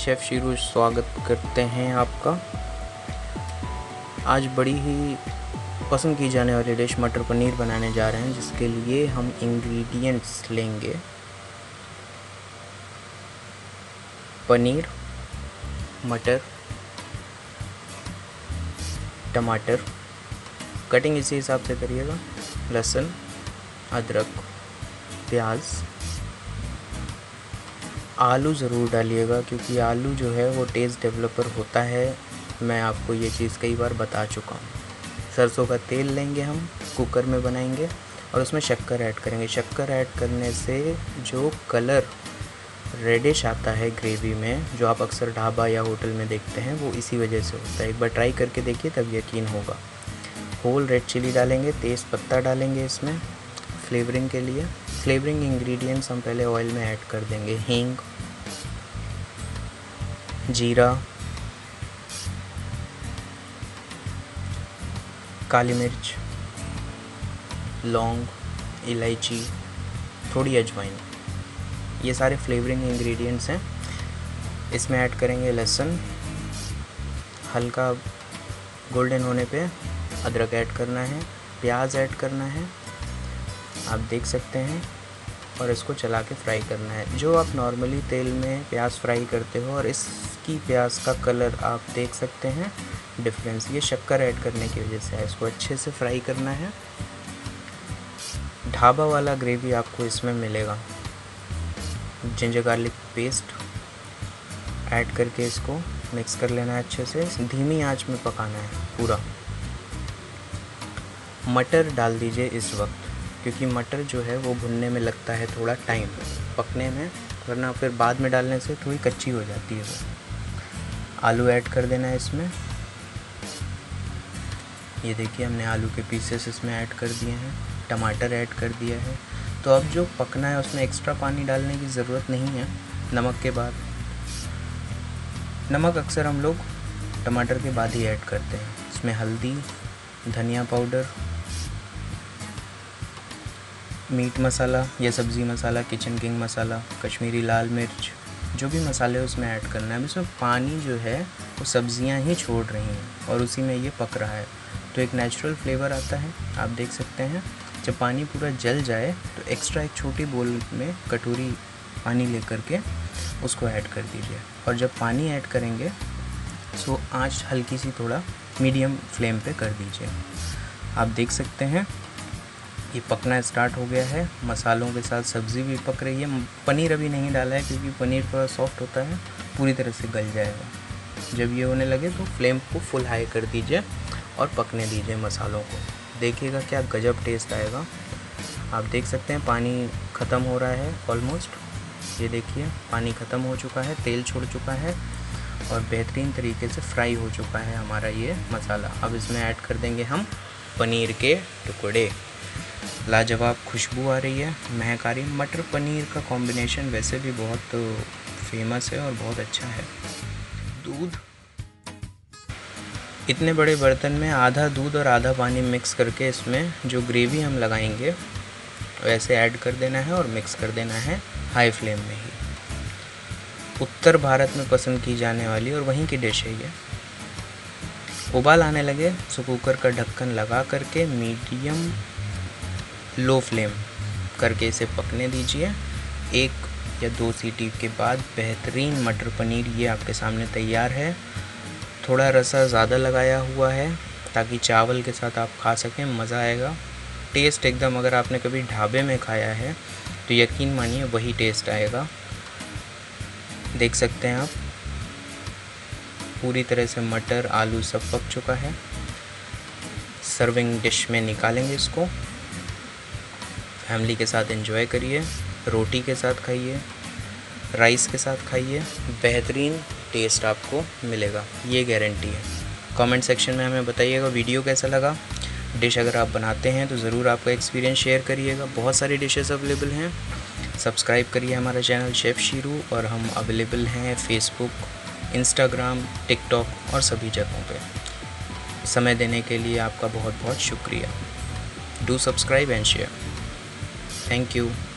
Chef Shiru स्वागत करते हैं आपका आज बड़ी ही पसंद की जाने वाली डिश मटर पनीर बनाने जा रहे हैं जिसके लिए हम इंग्रेडिएंट्स लेंगे पनीर मटर टमाटर कटिंग इसी हिसाब से करिएगा लहसुन अदरक प्याज़ आलू ज़रूर डालिएगा क्योंकि आलू जो है वो टेस्ट डेवलपर होता है मैं आपको ये चीज़ कई बार बता चुका हूँ सरसों का तेल लेंगे हम कुकर में बनाएंगे और उसमें शक्कर ऐड करेंगे शक्कर ऐड करने से जो कलर रेडिश आता है ग्रेवी में जो आप अक्सर ढाबा या होटल में देखते हैं वो इसी वजह से होता है एक बार ट्राई करके देखिए तब यकीन होगा होल रेड चिली डालेंगे तेज़ पत्ता डालेंगे इसमें फ्लेवरिंग के लिए फ्लेवरिंग इंग्रेडिएंट्स हम पहले ऑयल में ऐड कर देंगे हींग जीरा काली मिर्च लौंग इलायची थोड़ी अजवाइन ये सारे फ्लेवरिंग इंग्रेडिएंट्स हैं इसमें ऐड करेंगे लहसुन हल्का गोल्डन होने पे अदरक ऐड करना है प्याज ऐड करना है आप देख सकते हैं और इसको चला के फ्राई करना है जो आप नॉर्मली तेल में प्याज फ्राई करते हो और इसकी प्याज का कलर आप देख सकते हैं डिफरेंस ये शक्कर ऐड करने की वजह से है इसको अच्छे से फ्राई करना है ढाबा वाला ग्रेवी आपको इसमें मिलेगा जिंजर गार्लिक पेस्ट ऐड करके इसको मिक्स कर लेना है अच्छे से धीमी आंच में पकाना है पूरा मटर डाल दीजिए इस वक्त क्योंकि मटर जो है वो भुनने में लगता है थोड़ा टाइम पकने में वरना फिर बाद में डालने से थोड़ी कच्ची हो जाती है आलू ऐड कर देना है इसमें ये देखिए हमने आलू के पीसेस इसमें ऐड कर दिए हैं टमाटर ऐड कर दिया है तो अब जो पकना है उसमें एक्स्ट्रा पानी डालने की ज़रूरत नहीं है नमक के बाद नमक अक्सर हम लोग टमाटर के बाद ही ऐड करते हैं इसमें हल्दी धनिया पाउडर मीट मसाला या सब्ज़ी मसाला किचन किंग मसाला कश्मीरी लाल मिर्च जो भी मसाले उसमें ऐड करना है उसमें पानी जो है वो सब्ज़ियाँ ही छोड़ रही हैं और उसी में ये पक रहा है तो एक नेचुरल फ्लेवर आता है आप देख सकते हैं जब पानी पूरा जल जाए तो एक्स्ट्रा एक छोटी बोल में कटोरी पानी ले करके उसको ऐड कर दीजिए और जब पानी ऐड करेंगे सो तो आँच हल्की सी थोड़ा मीडियम फ्लेम पे कर दीजिए आप देख सकते हैं ये पकना स्टार्ट हो गया है मसालों के साथ सब्ज़ी भी पक रही है पनीर अभी नहीं डाला है क्योंकि पनीर थोड़ा सॉफ्ट होता है पूरी तरह से गल जाएगा जब ये होने लगे तो फ्लेम को फुल हाई कर दीजिए और पकने दीजिए मसालों को देखिएगा क्या गजब टेस्ट आएगा आप देख सकते हैं पानी ख़त्म हो रहा है ऑलमोस्ट ये देखिए पानी ख़त्म हो चुका है तेल छोड़ चुका है और बेहतरीन तरीके से फ्राई हो चुका है हमारा ये मसाला अब इसमें ऐड कर देंगे हम पनीर के टुकड़े लाजवाब खुशबू आ रही है महकारी मटर पनीर का कॉम्बिनेशन वैसे भी बहुत फेमस है और बहुत अच्छा है दूध इतने बड़े बर्तन में आधा दूध और आधा पानी मिक्स करके इसमें जो ग्रेवी हम लगाएंगे वैसे ऐड कर देना है और मिक्स कर देना है हाई फ्लेम में ही उत्तर भारत में पसंद की जाने वाली और वहीं की डिश है ये उबाल आने लगे सो कुकर का ढक्कन लगा करके मीडियम लो फ्लेम करके इसे पकने दीजिए एक या दो सीटी के बाद बेहतरीन मटर पनीर ये आपके सामने तैयार है थोड़ा रसा ज़्यादा लगाया हुआ है ताकि चावल के साथ आप खा सकें मज़ा आएगा टेस्ट एकदम अगर आपने कभी ढाबे में खाया है तो यकीन मानिए वही टेस्ट आएगा देख सकते हैं आप पूरी तरह से मटर आलू सब पक चुका है सर्विंग डिश में निकालेंगे इसको फैमिली के साथ एंजॉय करिए रोटी के साथ खाइए राइस के साथ खाइए बेहतरीन टेस्ट आपको मिलेगा ये गारंटी है कमेंट सेक्शन में हमें बताइएगा वीडियो कैसा लगा डिश अगर आप बनाते हैं तो ज़रूर आपका एक्सपीरियंस शेयर करिएगा बहुत सारी डिशेस अवेलेबल हैं सब्सक्राइब करिए हमारा चैनल शेफ़ शीरू और हम अवेलेबल हैं फेसबुक इंस्टाग्राम टिकटॉक और सभी जगहों पे समय देने के लिए आपका बहुत बहुत शुक्रिया do subscribe and share Thank you.